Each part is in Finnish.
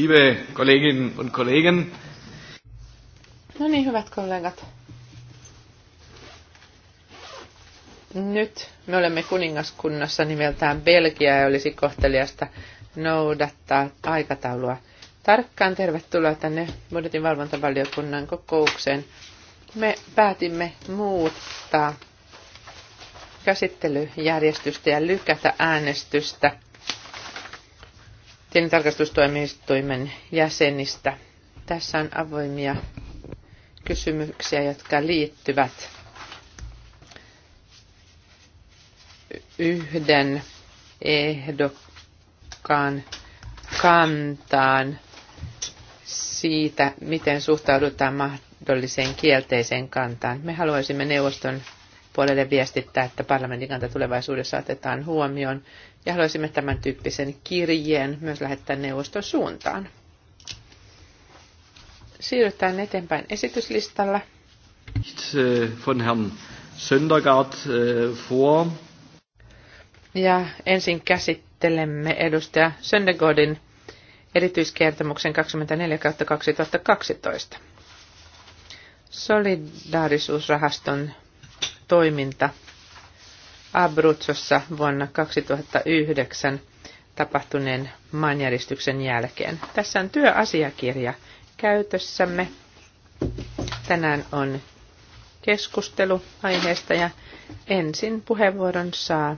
liebe Kolleginnen und Kollegen. No niin, hyvät kollegat. Nyt me olemme kuningaskunnassa nimeltään Belgia ja olisi kohteliasta noudattaa aikataulua. Tarkkaan tervetuloa tänne budjetin valvontavaliokunnan kokoukseen. Me päätimme muuttaa käsittelyjärjestystä ja lykätä äänestystä – tilintarkastustoimistoimen jäsenistä. Tässä on avoimia kysymyksiä, jotka liittyvät yhden ehdokkaan kantaan siitä, miten suhtaudutaan mahdolliseen kielteiseen kantaan. Me haluaisimme neuvoston puolelle viestittää, että parlamentin kanta tulevaisuudessa otetaan huomioon. Ja haluaisimme tämän tyyppisen kirjeen myös lähettää neuvoston suuntaan. Siirrytään eteenpäin esityslistalla. Äh, von Herrn Söndergaard äh, vor. Ja ensin käsittelemme edustaja Söndergaardin erityiskertomuksen 24 2012 solidaarisuusrahaston toiminta Abruzzossa vuonna 2009 tapahtuneen maanjäristyksen jälkeen. Tässä on työasiakirja käytössämme. Tänään on keskustelu aiheesta ja ensin puheenvuoron saa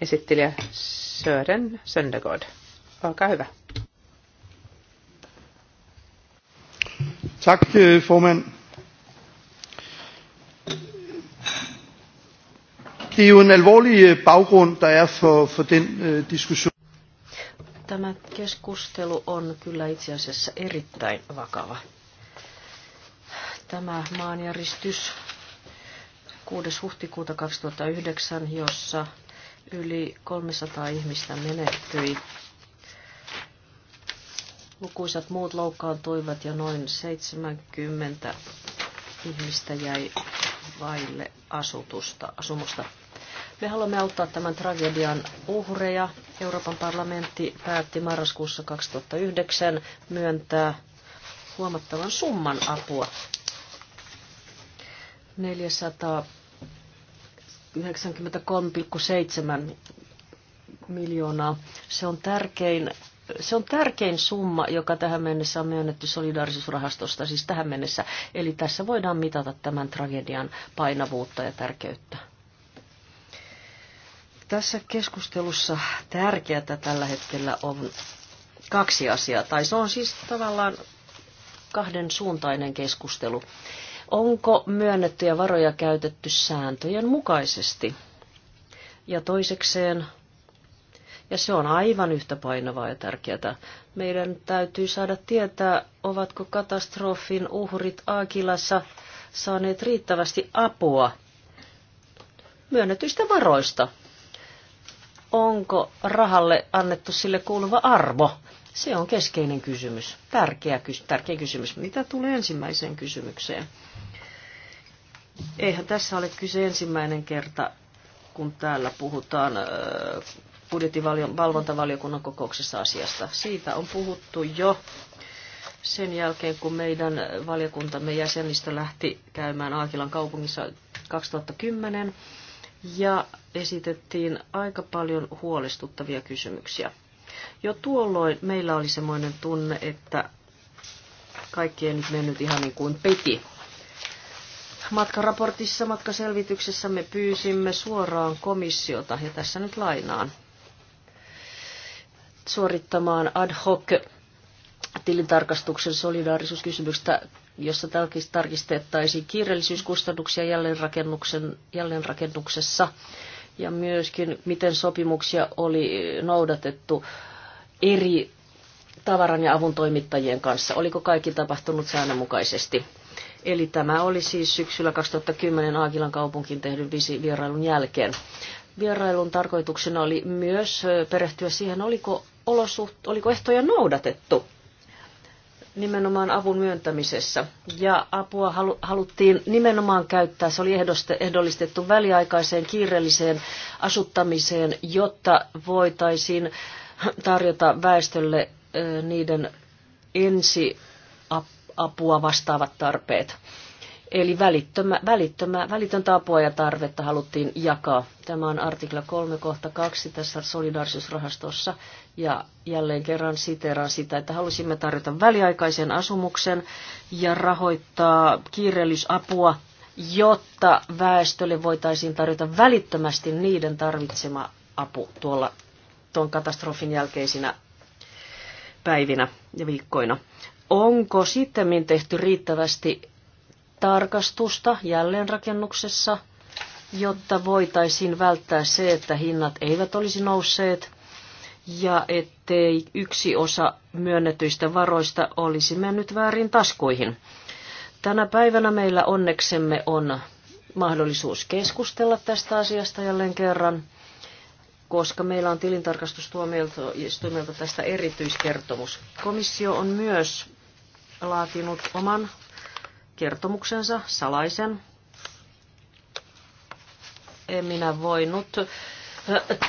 esittelijä Sören Söndergaard. Olkaa hyvä. Tack, øh, formand. Det er jo en alvorlig øh, baggrund, der er for, for den øh, diskussion. Tämä keskustelu on kyllä itse asiassa erittäin vakava. Tämä maanjäristys 6. huhtikuuta 2009, jossa yli 300 ihmistä menehtyi. Lukuisat muut loukkaantuivat ja noin 70 ihmistä jäi vaille asutusta, asumusta. Me haluamme auttaa tämän tragedian uhreja. Euroopan parlamentti päätti marraskuussa 2009 myöntää huomattavan summan apua. 493,7 miljoonaa. Se on tärkein se on tärkein summa, joka tähän mennessä on myönnetty solidaarisuusrahastosta, siis tähän mennessä. Eli tässä voidaan mitata tämän tragedian painavuutta ja tärkeyttä. Tässä keskustelussa tärkeää tällä hetkellä on kaksi asiaa, tai se on siis tavallaan kahden suuntainen keskustelu. Onko myönnettyjä varoja käytetty sääntöjen mukaisesti? Ja toisekseen, ja se on aivan yhtä painavaa ja tärkeää, meidän täytyy saada tietää, ovatko katastrofin uhrit Aakilassa saaneet riittävästi apua myönnetyistä varoista – onko rahalle annettu sille kuuluva arvo? Se on keskeinen kysymys, tärkeä, kys tärkeä kysymys. Mitä tulee ensimmäiseen kysymykseen? Eihän tässä ole kyse ensimmäinen kerta, kun täällä puhutaan budjettivalvontavaliokunnan kokouksessa asiasta. Siitä on puhuttu jo sen jälkeen, kun meidän valiokuntamme jäsenistä lähti käymään Aakilan kaupungissa 2010 ja esitettiin aika paljon huolestuttavia kysymyksiä. Jo tuolloin meillä oli semmoinen tunne, että kaikki ei nyt mennyt ihan niin kuin piti. Matkaraportissa, matkaselvityksessä me pyysimme suoraan komissiota, ja tässä nyt lainaan, suorittamaan ad hoc tilintarkastuksen solidaarisuuskysymyksestä jossa tarkistettaisiin kiireellisyyskustannuksia jälleenrakennuksen, jälleenrakennuksessa ja myöskin miten sopimuksia oli noudatettu eri tavaran ja avun toimittajien kanssa. Oliko kaikki tapahtunut säännönmukaisesti? Eli tämä oli siis syksyllä 2010 Aagilan kaupunkiin tehdyn vierailun jälkeen. Vierailun tarkoituksena oli myös perehtyä siihen, oliko, olosuht- oliko ehtoja noudatettu nimenomaan avun myöntämisessä. Ja apua halu, haluttiin nimenomaan käyttää, se oli ehdollistettu väliaikaiseen kiireelliseen asuttamiseen, jotta voitaisiin tarjota väestölle niiden ensi apua vastaavat tarpeet. Eli välittömä, välittömä, välitöntä apua ja tarvetta haluttiin jakaa. Tämä on artikla 3 kohta 2 tässä solidaarisuusrahastossa. Ja jälleen kerran siteeraan sitä, että halusimme tarjota väliaikaisen asumuksen ja rahoittaa kiireellisapua, jotta väestölle voitaisiin tarjota välittömästi niiden tarvitsema apu tuolla tuon katastrofin jälkeisinä päivinä ja viikkoina. Onko sitten tehty riittävästi tarkastusta jälleenrakennuksessa, jotta voitaisiin välttää se, että hinnat eivät olisi nousseet ja ettei yksi osa myönnetyistä varoista olisi mennyt väärin taskuihin. Tänä päivänä meillä onneksemme on mahdollisuus keskustella tästä asiasta jälleen kerran, koska meillä on tilintarkastustuomioistuimelta tästä erityiskertomus. Komissio on myös laatinut oman kertomuksensa, salaisen. En minä voinut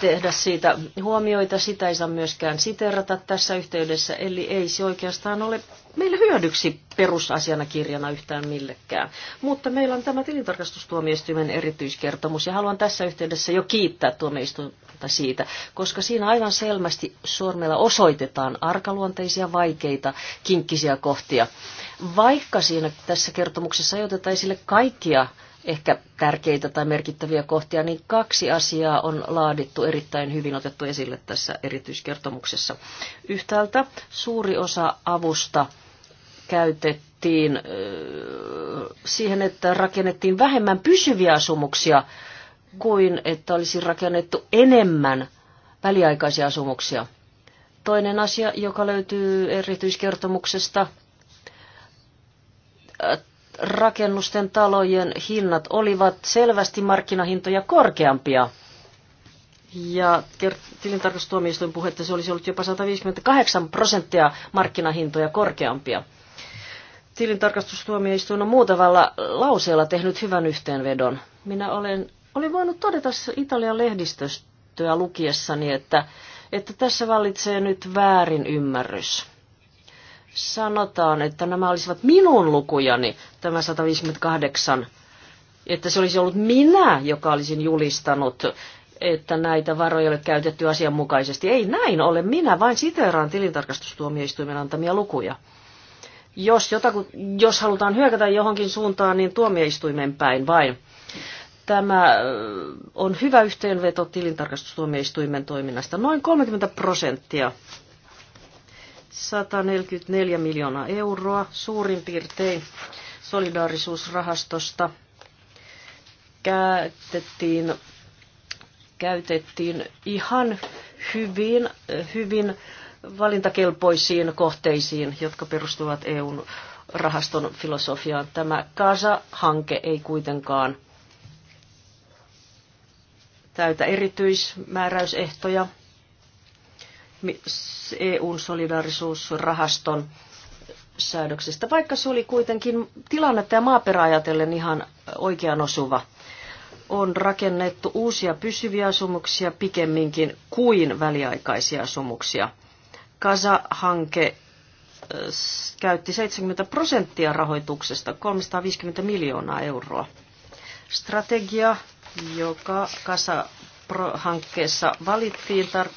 tehdä siitä huomioita. Sitä ei saa myöskään siterata tässä yhteydessä, eli ei se oikeastaan ole meille hyödyksi perusasiana kirjana yhtään millekään. Mutta meillä on tämä tilintarkastustuomioistuimen erityiskertomus, ja haluan tässä yhteydessä jo kiittää tuomioistuinta siitä, koska siinä aivan selvästi sormella osoitetaan arkaluonteisia, vaikeita, kinkkisiä kohtia. Vaikka siinä tässä kertomuksessa ei oteta esille kaikkia ehkä tärkeitä tai merkittäviä kohtia, niin kaksi asiaa on laadittu erittäin hyvin otettu esille tässä erityiskertomuksessa. Yhtäältä suuri osa avusta käytettiin siihen, että rakennettiin vähemmän pysyviä asumuksia kuin että olisi rakennettu enemmän väliaikaisia asumuksia. Toinen asia, joka löytyy erityiskertomuksesta, rakennusten talojen hinnat olivat selvästi markkinahintoja korkeampia. Ja tilintarkastustuomioistuin puhe, että se olisi ollut jopa 158 prosenttia markkinahintoja korkeampia. Tilintarkastustuomioistuin on muutavalla lauseella tehnyt hyvän yhteenvedon. Minä olen, olin voinut todeta Italian lehdistöstä, lukiessani, että, että tässä vallitsee nyt väärin ymmärrys sanotaan, että nämä olisivat minun lukujani, tämä 158, että se olisi ollut minä, joka olisin julistanut, että näitä varoja ei ole käytetty asianmukaisesti. Ei näin ole, minä vain siteeraan tilintarkastustuomioistuimen antamia lukuja. Jos, jotaku, jos halutaan hyökätä johonkin suuntaan, niin tuomioistuimen päin vain. Tämä on hyvä yhteenveto tilintarkastustuomioistuimen toiminnasta. Noin 30 prosenttia 144 miljoonaa euroa suurin piirtein solidaarisuusrahastosta käytettiin, käytettiin ihan hyvin, hyvin valintakelpoisiin kohteisiin, jotka perustuvat EUn rahaston filosofiaan. Tämä Kasa-hanke ei kuitenkaan täytä erityismääräysehtoja. EUn solidaarisuusrahaston säädöksestä, vaikka se oli kuitenkin tilannetta ja maaperä ajatellen ihan oikean osuva. On rakennettu uusia pysyviä asumuksia pikemminkin kuin väliaikaisia asumuksia. Kasa-hanke äh, käytti 70 prosenttia rahoituksesta, 350 miljoonaa euroa. Strategia, joka Kasa-hankkeessa valittiin, tar-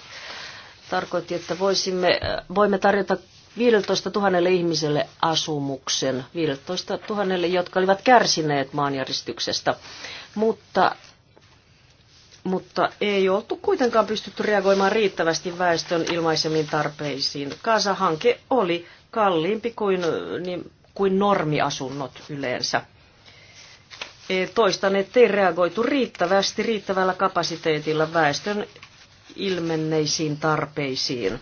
tarkoitti, että voisimme, äh, voimme tarjota 15 000 ihmiselle asumuksen, 15 000, jotka olivat kärsineet maanjäristyksestä, mutta, mutta ei oltu kuitenkaan pystytty reagoimaan riittävästi väestön ilmaisemiin tarpeisiin. Kaasahanke oli kalliimpi kuin, niin, kuin normiasunnot yleensä. Toistan, ettei reagoitu riittävästi riittävällä kapasiteetilla väestön ilmenneisiin tarpeisiin.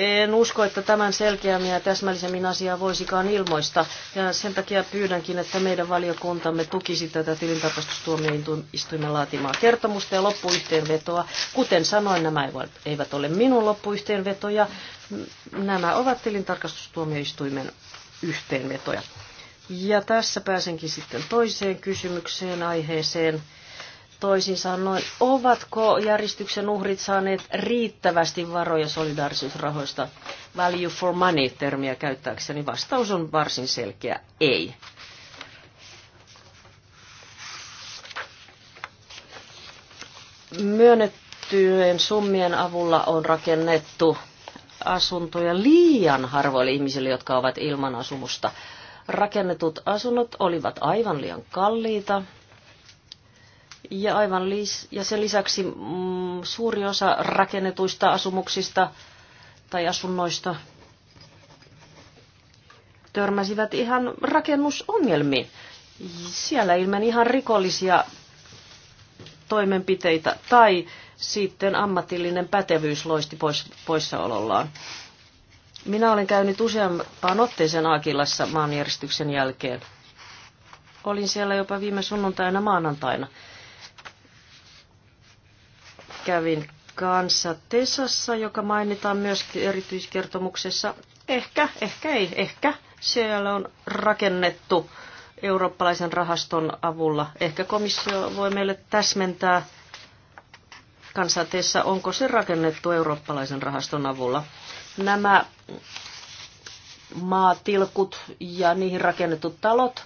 En usko, että tämän selkeämmin ja täsmällisemmin asiaa voisikaan ilmoista, ja sen takia pyydänkin, että meidän valiokuntamme tukisi tätä tilintarkastustuomioistuimen laatimaa kertomusta ja loppuyhteenvetoa. Kuten sanoin, nämä eivät ole minun loppuyhteenvetoja, nämä ovat tilintarkastustuomioistuimen yhteenvetoja. Ja tässä pääsenkin sitten toiseen kysymykseen, aiheeseen, Toisin sanoen, ovatko järjestyksen uhrit saaneet riittävästi varoja solidaarisuusrahoista? Value for money-termiä käyttääkseni vastaus on varsin selkeä, ei. Myönnettyjen summien avulla on rakennettu asuntoja liian harvoille ihmisille, jotka ovat ilman asumusta. Rakennetut asunnot olivat aivan liian kalliita, ja, aivan lis- ja sen lisäksi mm, suuri osa rakennetuista asumuksista tai asunnoista törmäsivät ihan rakennusongelmiin. Siellä ilmeni ihan rikollisia toimenpiteitä tai sitten ammatillinen pätevyys loisti pois, poissaolollaan. Minä olen käynyt useampaan otteeseen Aakilassa maanjäristyksen jälkeen. Olin siellä jopa viime sunnuntaina maanantaina kävin kanssa Tesassa, joka mainitaan myös erityiskertomuksessa. Ehkä, ehkä ei, ehkä siellä on rakennettu eurooppalaisen rahaston avulla. Ehkä komissio voi meille täsmentää kansateessa, onko se rakennettu eurooppalaisen rahaston avulla. Nämä maatilkut ja niihin rakennetut talot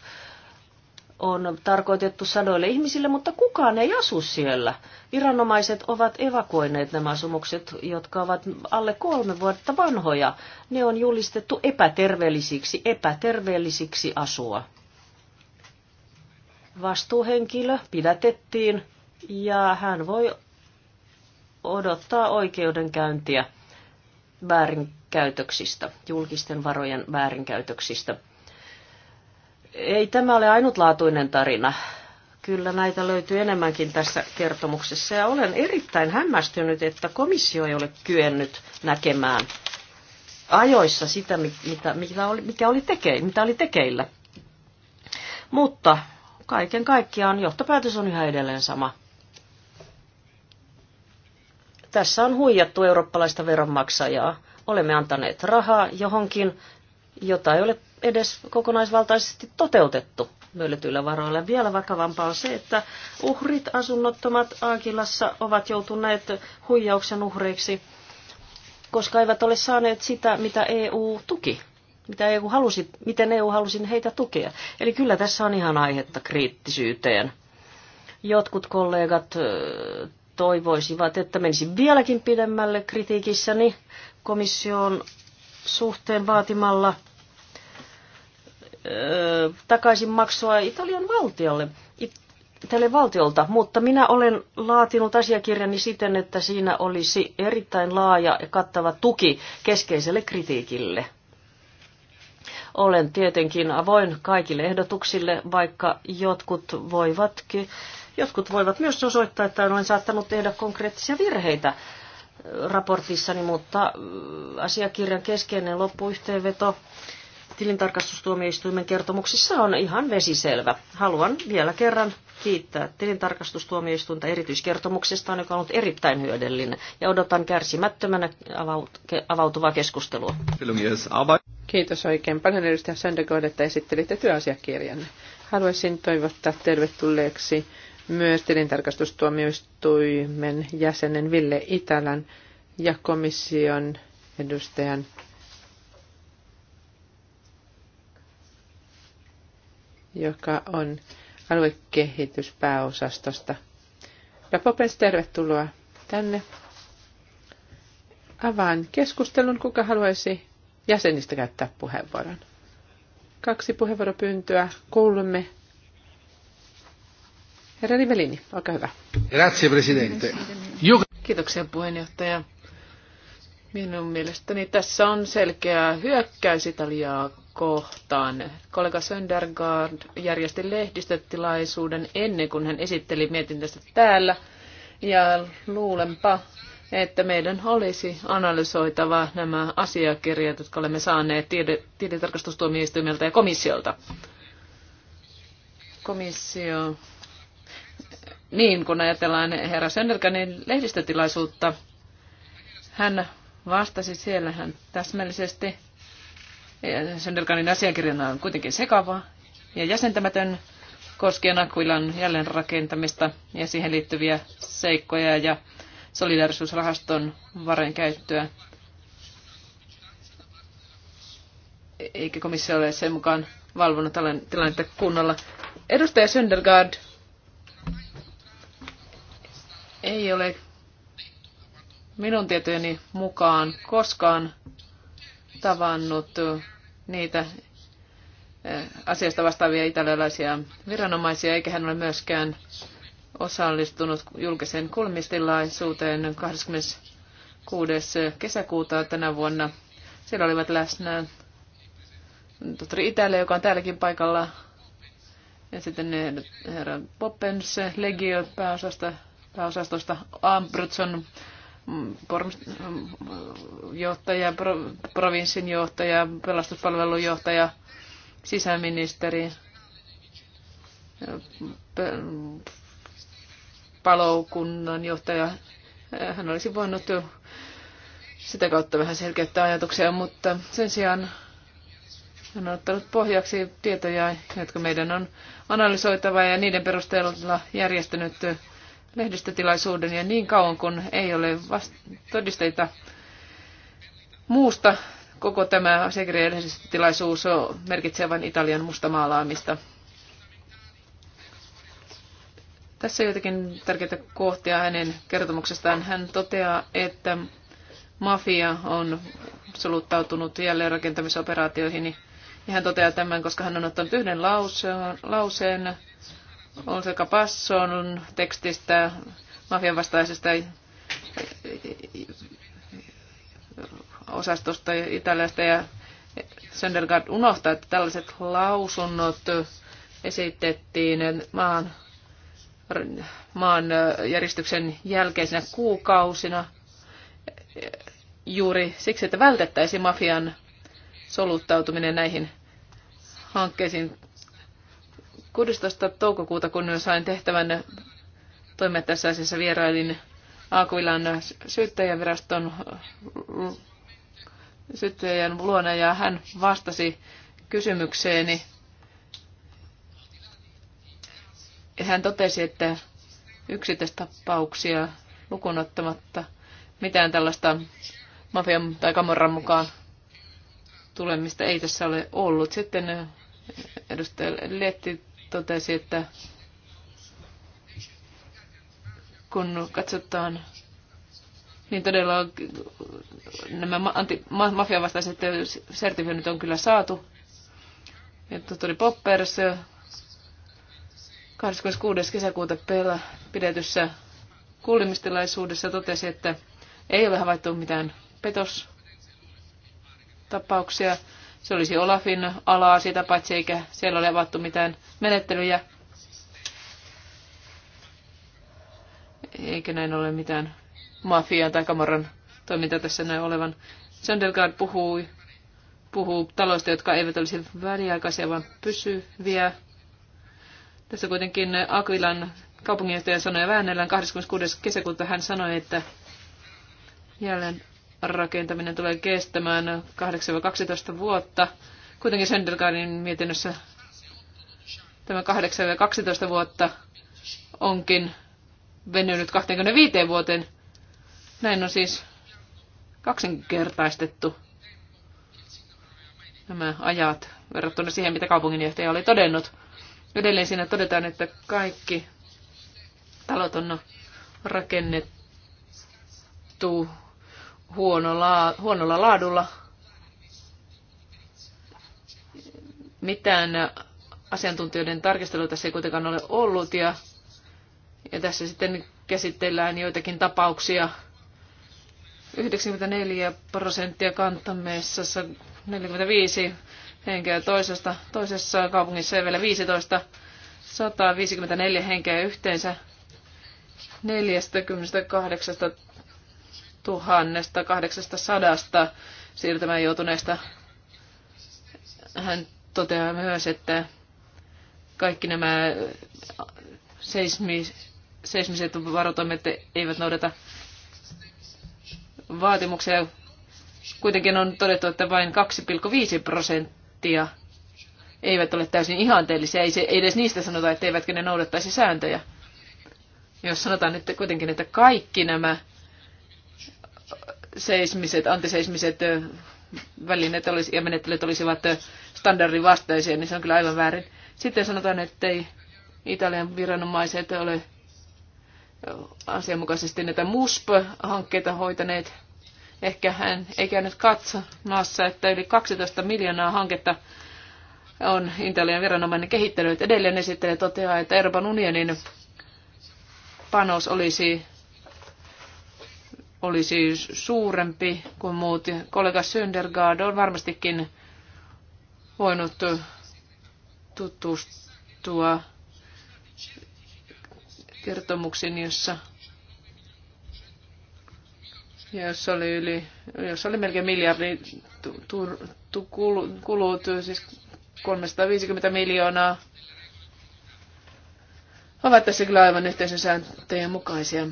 on tarkoitettu sadoille ihmisille, mutta kukaan ei asu siellä. Viranomaiset ovat evakuoineet nämä asumukset, jotka ovat alle kolme vuotta vanhoja. Ne on julistettu epäterveellisiksi, epäterveellisiksi asua. Vastuuhenkilö pidätettiin ja hän voi odottaa oikeudenkäyntiä väärinkäytöksistä, julkisten varojen väärinkäytöksistä – ei tämä ole ainutlaatuinen tarina. Kyllä näitä löytyy enemmänkin tässä kertomuksessa ja olen erittäin hämmästynyt, että komissio ei ole kyennyt näkemään ajoissa sitä, mitä, mitä oli, mikä oli teke, mitä oli tekeillä. Mutta kaiken kaikkiaan johtopäätös on yhä edelleen sama. Tässä on huijattu eurooppalaista veronmaksajaa. Olemme antaneet rahaa johonkin, jota ei ole edes kokonaisvaltaisesti toteutettu möllytyillä varoilla. Vielä vakavampaa on se, että uhrit asunnottomat Aakilassa ovat joutuneet huijauksen uhreiksi, koska eivät ole saaneet sitä, mitä EU tuki, mitä EU halusi, miten EU halusi heitä tukea. Eli kyllä tässä on ihan aihetta kriittisyyteen. Jotkut kollegat toivoisivat, että menisin vieläkin pidemmälle kritiikissäni komission suhteen vaatimalla – takaisin maksua Italian valtiolle, Italian valtiolta, mutta minä olen laatinut asiakirjani siten, että siinä olisi erittäin laaja ja kattava tuki keskeiselle kritiikille. Olen tietenkin avoin kaikille ehdotuksille, vaikka jotkut voivatkin, jotkut voivat myös osoittaa, että olen saattanut tehdä konkreettisia virheitä raportissani, mutta asiakirjan keskeinen loppuyhteenveto tilintarkastustuomioistuimen kertomuksissa on ihan vesiselvä. Haluan vielä kerran kiittää tilintarkastustuomioistuinta erityiskertomuksesta, joka on ollut erittäin hyödyllinen, ja odotan kärsimättömänä avautuvaa keskustelua. Kiitos oikein paljon edustaja Söndergaard, että esittelitte työasiakirjanne. Haluaisin toivottaa tervetulleeksi myös tilintarkastustuomioistuimen jäsenen Ville Itälän ja komission edustajan joka on aluekehityspääosastosta. Rapopes, tervetuloa tänne. Avaan keskustelun, kuka haluaisi jäsenistä käyttää puheenvuoron. Kaksi puheenvuoropyyntöä, kolme. Herra Rivelini, olkaa hyvä. Grazie, presidente. Kiitoksia puheenjohtaja. Minun mielestäni tässä on selkeä hyökkäys Italiaa kohtaan. Kollega Söndergaard järjesti lehdistötilaisuuden ennen kuin hän esitteli mietintänsä täällä. Ja luulenpa, että meidän olisi analysoitava nämä asiakirjat, jotka olemme saaneet tiedetarkastustuomioistuimelta ja komissiolta. Komissio. Niin, kun ajatellaan herra Söndergaardin lehdistötilaisuutta, hän vastasi siellä hän täsmällisesti Söndelkanin asiakirjana on kuitenkin sekava ja jäsentämätön koskien Akuilan jälleenrakentamista ja siihen liittyviä seikkoja ja solidarisuusrahaston varojen käyttöä. Eikä komissio ole sen mukaan valvonut tilannetta kunnolla. Edustaja Söndergaard ei ole minun tietojeni mukaan koskaan tavannut niitä asiasta vastaavia italialaisia viranomaisia, eikä hän ole myöskään osallistunut julkiseen kulmistilaisuuteen 26. kesäkuuta tänä vuonna. Siellä olivat läsnä tohtori Italia, joka on täälläkin paikalla, ja sitten herra Poppens, Legio pääosasta, pääosastosta Ambrutson johtaja, provinssin johtaja, pelastuspalvelun johtaja, sisäministeri, palokunnan johtaja. Hän olisi voinut jo sitä kautta vähän selkeyttää ajatuksia, mutta sen sijaan hän on ottanut pohjaksi tietoja, jotka meidän on analysoitava ja niiden perusteella järjestänyt lehdistötilaisuuden ja niin kauan kun ei ole todisteita muusta, koko tämä asiakirjan lehdistötilaisuus on merkitsevän Italian mustamaalaamista. Tässä joitakin tärkeitä kohtia hänen kertomuksestaan. Hän toteaa, että mafia on soluttautunut jälleenrakentamisoperaatioihin, ja hän toteaa tämän, koska hän on ottanut yhden lauseen on sekä Passon tekstistä, mafian vastaisesta osastosta Italiasta ja Söndergaard unohtaa, että tällaiset lausunnot esitettiin maan, maan järjestyksen jälkeisinä kuukausina juuri siksi, että vältettäisiin mafian soluttautuminen näihin hankkeisiin. 16. toukokuuta, kun sain tehtävän toimia tässä asiassa, vierailin Aakuilan syyttäjäviraston syyttäjän luona ja hän vastasi kysymykseeni. Hän totesi, että yksittäistapauksia lukuun ottamatta mitään tällaista mafian tai kamoran mukaan tulemista ei tässä ole ollut. Sitten edustaja Letti totesi, että kun katsotaan, niin todella nämä mafiavastaiset sertifioinnit on kyllä saatu. Ja tohtori Poppers 26. kesäkuuta pela, pidetyssä kuulemistilaisuudessa totesi, että ei ole havaittu mitään petostapauksia. Se olisi Olafin alaa, sitä paitsi eikä siellä ole avattu mitään menettelyjä. Eikä näin ole mitään mafiaa tai kamaran toimintaa tässä näin olevan. Sandelgaard puhuu, puhuu taloista, jotka eivät olisi väliaikaisia, vaan pysyviä. Tässä kuitenkin Akvilan kaupunginjohtaja sanoi väännellään 26. kesäkuuta hän sanoi, että jälleen rakentaminen tulee kestämään 8-12 vuotta. Kuitenkin Sendelgaardin mietinnössä tämä 8-12 vuotta onkin venynyt 25 vuoteen. Näin on siis kaksinkertaistettu nämä ajat verrattuna siihen, mitä kaupunginjohtaja oli todennut. Edelleen siinä todetaan, että kaikki talot on rakennettu huonolla, huonolla laadulla. Mitään asiantuntijoiden tarkastelua tässä ei kuitenkaan ole ollut ja, ja tässä sitten käsitellään joitakin tapauksia. 94 prosenttia kantameessa 45 henkeä toisesta, toisessa kaupungissa ja vielä 15, 154 henkeä yhteensä 48 1800 siirtymään joutuneesta. Hän toteaa myös, että kaikki nämä seismi, seismiset varotoimet eivät noudata vaatimuksia. Kuitenkin on todettu, että vain 2,5 prosenttia eivät ole täysin ihanteellisia. Ei, se, ei edes niistä sanota, että eivätkö ne noudattaisi sääntöjä. Jos sanotaan nyt kuitenkin, että kaikki nämä seismiset, antiseismiset välineet olisi, ja menettelyt olisivat standardin vastaisia, niin se on kyllä aivan väärin. Sitten sanotaan, että ei Italian viranomaiset ole asianmukaisesti näitä MUSP-hankkeita hoitaneet. Ehkä hän ei käynyt katsomassa, että yli 12 miljoonaa hanketta on Italian viranomainen kehittänyt. Edelleen esittelee toteaa, että Euroopan unionin panos olisi olisi suurempi kuin muut. Kollega Söndergaard on varmastikin voinut tutustua kertomuksen, jossa, jossa, oli, yli, jossa oli melkein miljardi tu, tu, kulut, siis 350 miljoonaa. Ovat tässä kyllä aivan yhteisön sääntöjen mukaisia.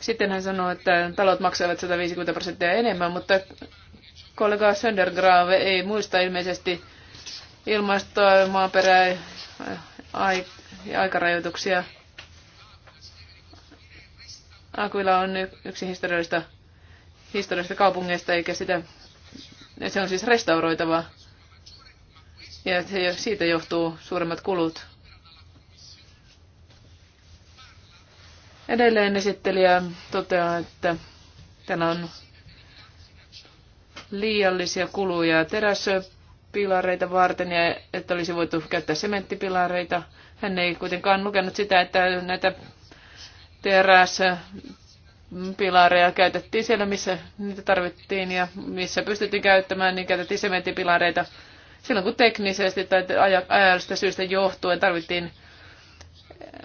Sitten hän sanoi, että talot maksavat 150 prosenttia enemmän, mutta kollega Söndergrave ei muista ilmeisesti ilmastoa, maaperää ja aikarajoituksia. Akuila on yksi historiallista, historiallista kaupungeista, eikä sitä, se on siis restauroitava. Ja siitä johtuu suuremmat kulut. Edelleen esittelijä toteaa, että täällä on liiallisia kuluja teräspilareita varten ja että olisi voitu käyttää sementtipilareita. Hän ei kuitenkaan lukenut sitä, että näitä teräspilareja käytettiin siellä, missä niitä tarvittiin ja missä pystyttiin käyttämään, niin käytettiin sementtipilareita. Silloin kun teknisesti tai ajallisesta syystä johtuen tarvittiin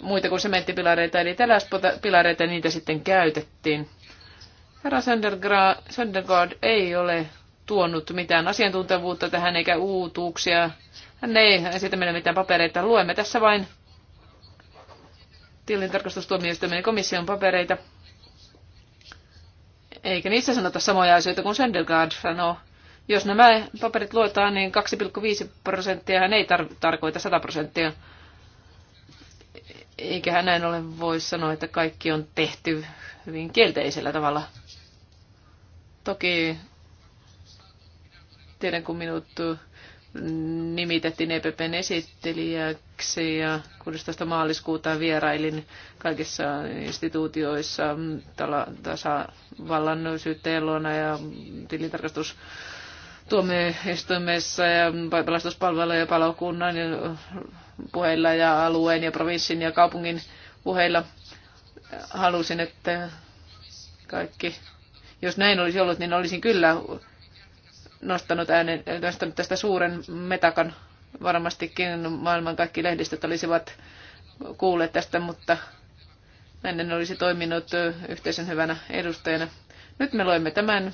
muita kuin sementtipilareita, eli teräspilareita, niitä sitten käytettiin. Herra Sandergaard ei ole tuonut mitään asiantuntevuutta tähän eikä uutuuksia. Hän ei esitä meille mitään papereita. Luemme tässä vain tilintarkastustuomioistuimen komission papereita. Eikä niissä sanota samoja asioita kuin Sandergaard sanoo. Jos nämä paperit luetaan, niin 2,5 prosenttia hän ei tar- tarkoita 100 prosenttia. Eikä hän näin ole voi sanoa, että kaikki on tehty hyvin kielteisellä tavalla. Toki tiedän, kun minut nimitettiin EPPn esittelijäksi ja 16. maaliskuuta vierailin kaikissa instituutioissa tasavallan syytteen luona ja tilintarkastus tuomioistuimessa ja pelastuspalvelu ja palokunnan ja puheilla ja alueen ja provinssin ja kaupungin puheilla halusin, että kaikki, jos näin olisi ollut, niin olisin kyllä nostanut, äänen, nostanut tästä suuren metakan. Varmastikin maailman kaikki lehdistöt olisivat kuulleet tästä, mutta ennen olisi toiminut yhteisen hyvänä edustajana. Nyt me loimme tämän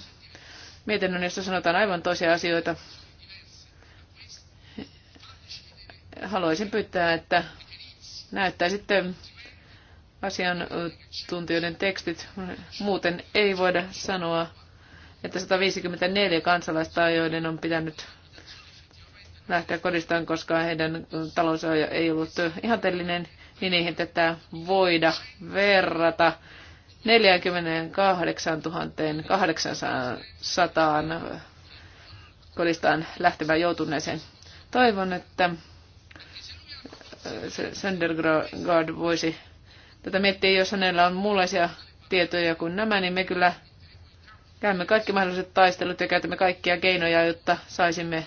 mietinnön, jossa sanotaan aivan toisia asioita Haluaisin pyytää, että näyttäisitte asiantuntijoiden tekstit. Muuten ei voida sanoa, että 154 kansalaista, joiden on pitänyt lähteä kodistaan, koska heidän talous ei ollut ihanteellinen, niin niihin tätä voida verrata 48 800 kodistaan lähtevän joutuneeseen. Toivon, että Söndergaard voisi tätä miettiä, jos hänellä on muunlaisia tietoja kuin nämä, niin me kyllä käymme kaikki mahdolliset taistelut ja käytämme kaikkia keinoja, jotta saisimme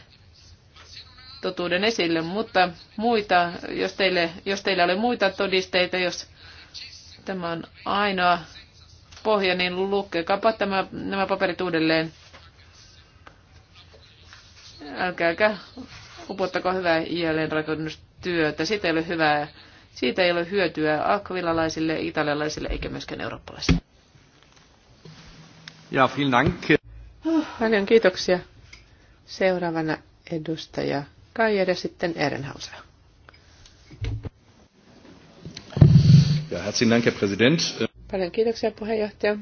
totuuden esille, mutta muita, jos, teille, jos teillä oli muita todisteita, jos tämä on ainoa pohja, niin lukekaapa tämä, nämä paperit uudelleen. Älkääkä upottako hyvää jälleenrakennusta työtä. Siitä ei ole hyvää, siitä ei ole hyötyä akvilalaisille, italialaisille eikä myöskään eurooppalaisille. Ja, vielen dank. Oh, paljon kiitoksia. Seuraavana edustaja Kaija ja sitten Ehrenhauser. Ja, herzlichen Dank, Herr Präsident. Paljon kiitoksia puheenjohtaja.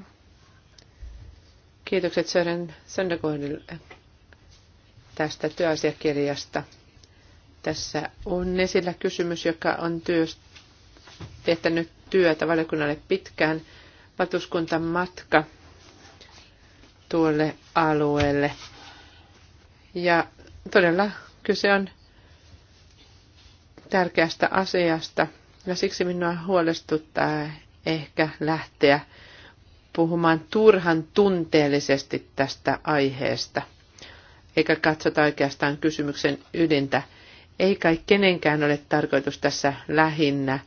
Kiitokset Sören Söndergaardille tästä työasiakirjasta. Tässä on esillä kysymys, joka on teettänyt työtä valiokunnalle pitkään. Valtuuskuntan matka tuolle alueelle. Ja todella kyse on tärkeästä asiasta. Ja siksi minua huolestuttaa ehkä lähteä puhumaan turhan tunteellisesti tästä aiheesta, eikä katsota oikeastaan kysymyksen ydintä. Ei kai kenenkään ole tarkoitus tässä lähinnä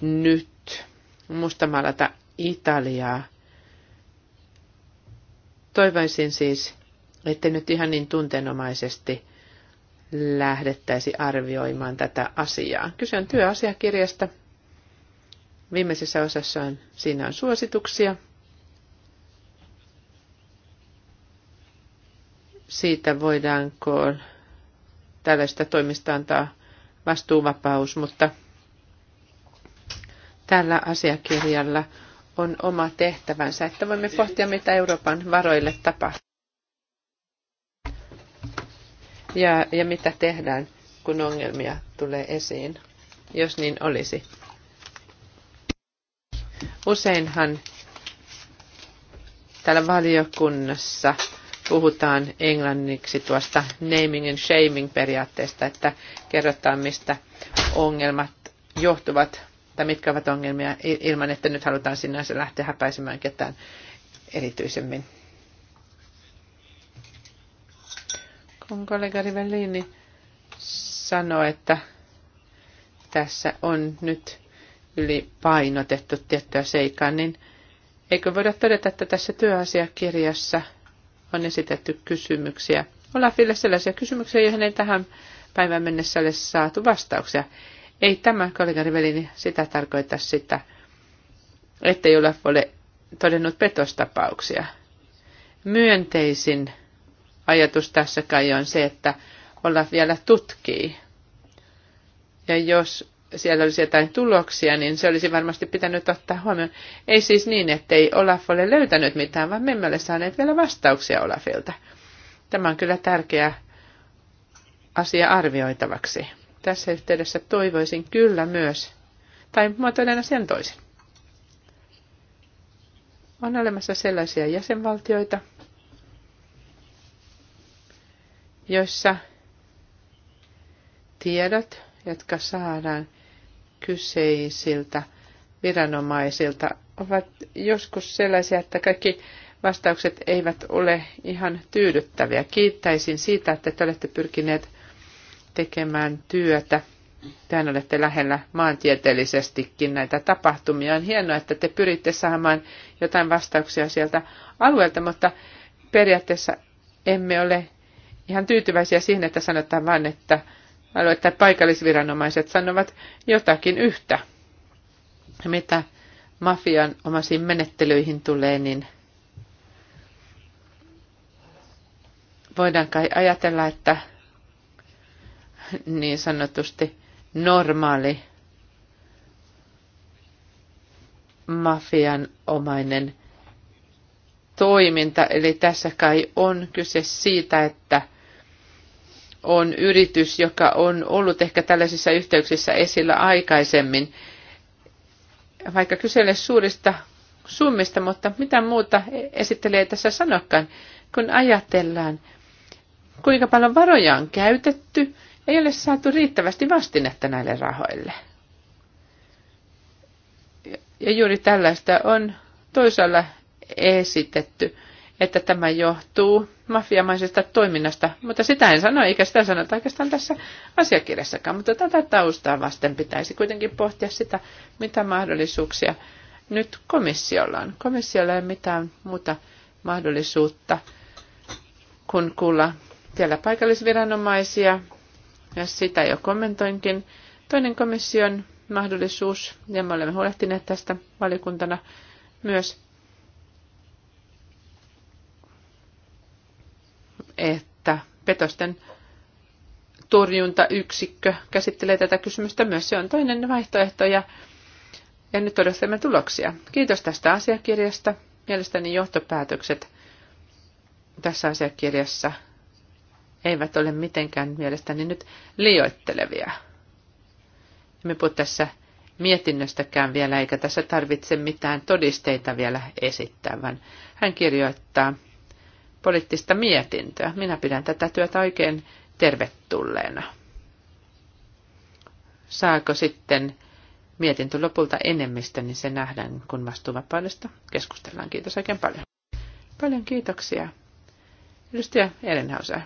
nyt mustamalata Italiaa. Toivoisin siis, ettei nyt ihan niin tuntenomaisesti lähdettäisi arvioimaan tätä asiaa. Kyse on työasiakirjasta. Viimeisessä osassa on, siinä on suosituksia siitä, voidaanko tällaista toimista antaa vastuuvapaus, mutta tällä asiakirjalla on oma tehtävänsä, että voimme pohtia, mitä Euroopan varoille tapahtuu. Ja, ja mitä tehdään, kun ongelmia tulee esiin, jos niin olisi. Useinhan täällä valiokunnassa puhutaan englanniksi tuosta naming and shaming periaatteesta, että kerrotaan mistä ongelmat johtuvat tai mitkä ovat ongelmia ilman, että nyt halutaan sinänsä lähteä häpäisemään ketään erityisemmin. Kun kollega Rivellini sanoi, että tässä on nyt yli painotettu tiettyä seikkaa, niin eikö voida todeta, että tässä työasiakirjassa – on esitetty kysymyksiä. Olafille sellaisia kysymyksiä, joihin ei tähän päivään mennessä ole saatu vastauksia. Ei tämä, kollegariveli niin sitä tarkoita sitä, ettei Olaf ole todennut petostapauksia. Myönteisin ajatus tässä kai on se, että Olaf vielä tutkii. Ja jos siellä olisi jotain tuloksia, niin se olisi varmasti pitänyt ottaa huomioon. Ei siis niin, ettei Olaf ole löytänyt mitään, vaan me emme ole saaneet vielä vastauksia Olafilta. Tämä on kyllä tärkeä asia arvioitavaksi. Tässä yhteydessä toivoisin kyllä myös, tai muotoilen asian toisin. On olemassa sellaisia jäsenvaltioita, joissa tiedot, jotka saadaan kyseisiltä viranomaisilta ovat joskus sellaisia, että kaikki vastaukset eivät ole ihan tyydyttäviä. Kiittäisin siitä, että te olette pyrkineet tekemään työtä. Tähän olette lähellä maantieteellisestikin näitä tapahtumia. On hienoa, että te pyritte saamaan jotain vastauksia sieltä alueelta, mutta periaatteessa emme ole ihan tyytyväisiä siihen, että sanotaan vain, että alueet että paikallisviranomaiset sanovat jotakin yhtä. Mitä mafian omaisiin menettelyihin tulee, niin voidaan kai ajatella, että niin sanotusti normaali mafian omainen toiminta. Eli tässä kai on kyse siitä, että on yritys, joka on ollut ehkä tällaisissa yhteyksissä esillä aikaisemmin, vaikka kyselee suurista summista, mutta mitä muuta esittelee tässä sanokkaan, kun ajatellaan, kuinka paljon varoja on käytetty, ei ole saatu riittävästi vastinetta näille rahoille. Ja juuri tällaista on toisaalla esitetty että tämä johtuu mafiamaisesta toiminnasta, mutta sitä en sano, eikä sitä sanota oikeastaan tässä asiakirjassakaan, mutta tätä taustaa vasten pitäisi kuitenkin pohtia sitä, mitä mahdollisuuksia nyt komissiolla on. Komissiolla ei mitään muuta mahdollisuutta kuin kuulla siellä paikallisviranomaisia, ja sitä jo kommentoinkin. Toinen komission mahdollisuus, ja me olemme huolehtineet tästä valiokuntana myös, että petosten torjuntayksikkö käsittelee tätä kysymystä myös. Se on toinen vaihtoehto ja, ja nyt odotamme tuloksia. Kiitos tästä asiakirjasta. Mielestäni johtopäätökset tässä asiakirjassa eivät ole mitenkään mielestäni nyt liioittelevia. Me puhu tässä mietinnöstäkään vielä, eikä tässä tarvitse mitään todisteita vielä esittää, vaan hän kirjoittaa – poliittista mietintöä. Minä pidän tätä työtä oikein tervetulleena. Saako sitten mietintö lopulta enemmistö, niin se nähdään, kun vastuuvapaudesta keskustellaan. Kiitos oikein paljon. Paljon kiitoksia. Edustaja Elenhauser.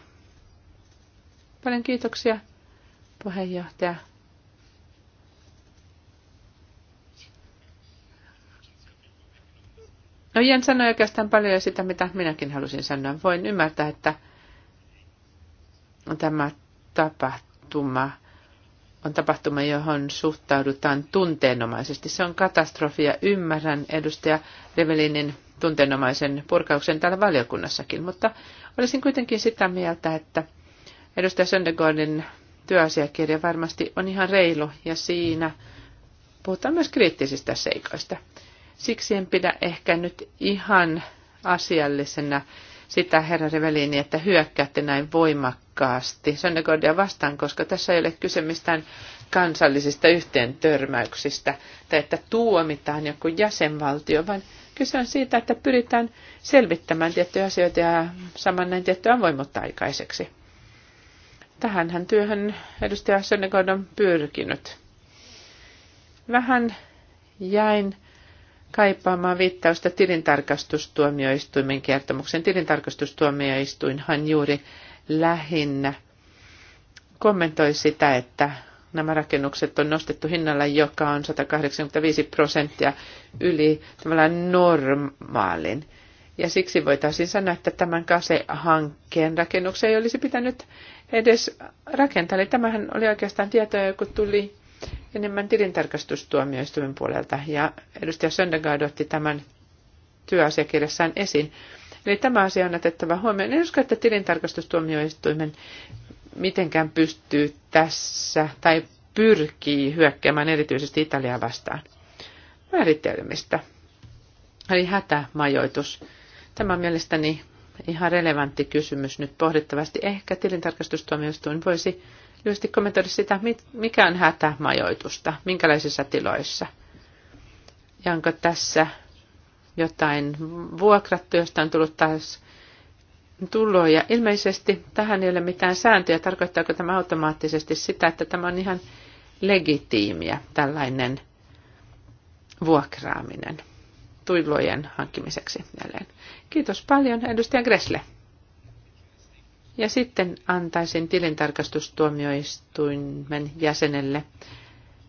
Paljon kiitoksia, puheenjohtaja. No Jen sanoi oikeastaan paljon sitä, mitä minäkin halusin sanoa. Voin ymmärtää, että tämä tapahtuma on tapahtuma, johon suhtaudutaan tunteenomaisesti. Se on katastrofi ja ymmärrän edustaja Revelinin tunteenomaisen purkauksen täällä valiokunnassakin, mutta olisin kuitenkin sitä mieltä, että edustaja Söndergaardin työasiakirja varmasti on ihan reilu ja siinä puhutaan myös kriittisistä seikoista. Siksi en pidä ehkä nyt ihan asiallisena sitä, herra Revelini, että hyökkäätte näin voimakkaasti Sönnegordia vastaan, koska tässä ei ole kyse mistään kansallisista yhteentörmäyksistä tai että tuomitaan joku jäsenvaltio, vaan kyse on siitä, että pyritään selvittämään tiettyjä asioita ja saman näin tiettyä voimutta aikaiseksi. Tähänhän työhön edustaja Sönnegord on pyrkinyt. Vähän jäin kaipaamaan viittausta tilintarkastustuomioistuimen kertomuksen. Tilintarkastustuomioistuinhan juuri lähinnä kommentoi sitä, että nämä rakennukset on nostettu hinnalla, joka on 185 prosenttia yli tavallaan normaalin. Ja siksi voitaisiin sanoa, että tämän kasehankkeen rakennuksen ei olisi pitänyt edes rakentaa. Eli tämähän oli oikeastaan tietoja, kun tuli enemmän tilintarkastustuomioistuimen puolelta ja edustaja Söndergaard otti tämän työasiakirjassaan esiin. Eli tämä asia on otettava huomioon. En usko, että tilintarkastustuomioistuimen mitenkään pystyy tässä tai pyrkii hyökkäämään erityisesti Italiaa vastaan. Määritelmistä. Eli hätämajoitus. Tämä on mielestäni ihan relevantti kysymys nyt pohdittavasti. Ehkä tilintarkastustuomioistuin voisi lyhyesti kommentoida sitä, mikä on hätämajoitusta, minkälaisissa tiloissa. Ja onko tässä jotain vuokrattu, josta on tullut taas tuloja. Ilmeisesti tähän ei ole mitään sääntöjä. Tarkoittaako tämä automaattisesti sitä, että tämä on ihan legitiimiä, tällainen vuokraaminen tuilojen hankkimiseksi jälleen. Kiitos paljon, edustaja Gresle. Ja sitten antaisin tilintarkastustuomioistuimen jäsenelle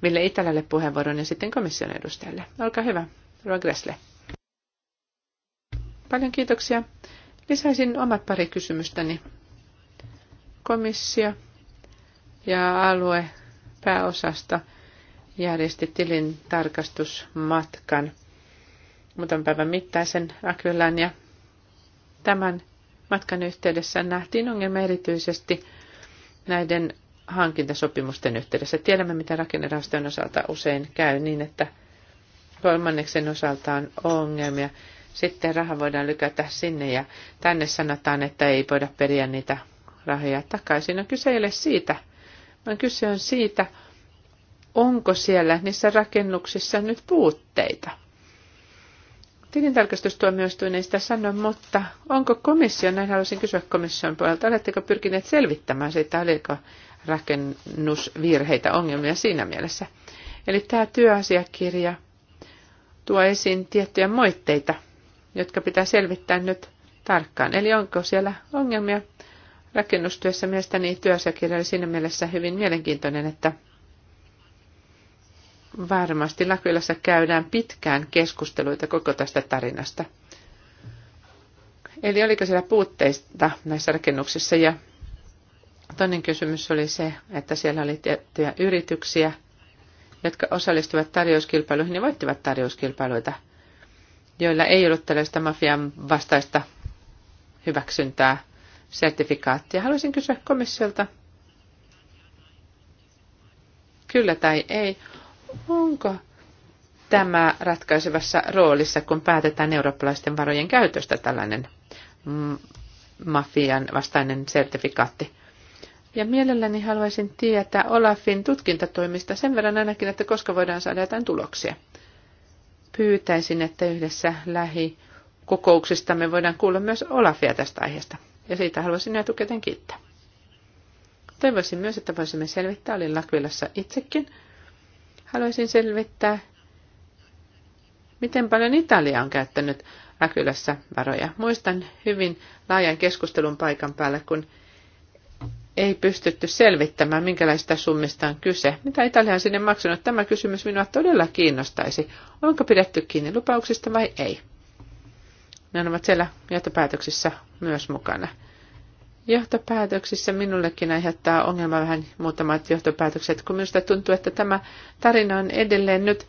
Ville Itälälle puheenvuoron ja sitten komission edustajalle. Olkaa hyvä, Roa Gressle. Paljon kiitoksia. Lisäisin omat pari kysymystäni. Komissio ja alue pääosasta järjesti tilintarkastusmatkan muutaman päivän mittaisen Akylän ja tämän matkan yhteydessä nähtiin ongelma erityisesti näiden hankintasopimusten yhteydessä. Tiedämme, mitä rakennerahastojen osalta usein käy niin, että kolmanneksen osalta on ongelmia. Sitten raha voidaan lykätä sinne ja tänne sanotaan, että ei voida periä niitä rahoja takaisin. No kyse ei ole siitä, vaan kyse on siitä, onko siellä niissä rakennuksissa nyt puutteita. Tilintarkastustuomioistuin ei sitä sano, mutta onko komissio, näin haluaisin kysyä komission puolelta, oletteko pyrkineet selvittämään siitä, oliko rakennusvirheitä, ongelmia siinä mielessä? Eli tämä työasiakirja tuo esiin tiettyjä moitteita, jotka pitää selvittää nyt tarkkaan. Eli onko siellä ongelmia rakennustyössä? Mielestäni työasiakirja oli siinä mielessä hyvin mielenkiintoinen, että varmasti Lakylässä käydään pitkään keskusteluita koko tästä tarinasta. Eli oliko siellä puutteista näissä rakennuksissa ja toinen kysymys oli se, että siellä oli tiettyjä yrityksiä, jotka osallistuivat tarjouskilpailuihin ja voittivat tarjouskilpailuita, joilla ei ollut tällaista mafian vastaista hyväksyntää, sertifikaattia. Haluaisin kysyä komissiolta, kyllä tai ei, Onko tämä ratkaisevassa roolissa, kun päätetään eurooppalaisten varojen käytöstä tällainen mafian vastainen sertifikaatti? Ja mielelläni haluaisin tietää Olafin tutkintatoimista sen verran ainakin, että koska voidaan saada jotain tuloksia. Pyytäisin, että yhdessä lähikokouksistamme voidaan kuulla myös Olafia tästä aiheesta. Ja siitä haluaisin etukäteen kiittää. Toivoisin myös, että voisimme selvittää, olin Lakvilassa itsekin, Haluaisin selvittää, miten paljon Italia on käyttänyt Äkylässä varoja. Muistan hyvin laajan keskustelun paikan päällä, kun ei pystytty selvittämään, minkälaista summista on kyse. Mitä Italia on sinne maksanut? Tämä kysymys minua todella kiinnostaisi. Onko pidetty kiinni lupauksista vai ei? Ne ovat siellä johtopäätöksissä myös mukana johtopäätöksissä minullekin aiheuttaa ongelma vähän muutamat johtopäätökset, kun minusta tuntuu, että tämä tarina on edelleen nyt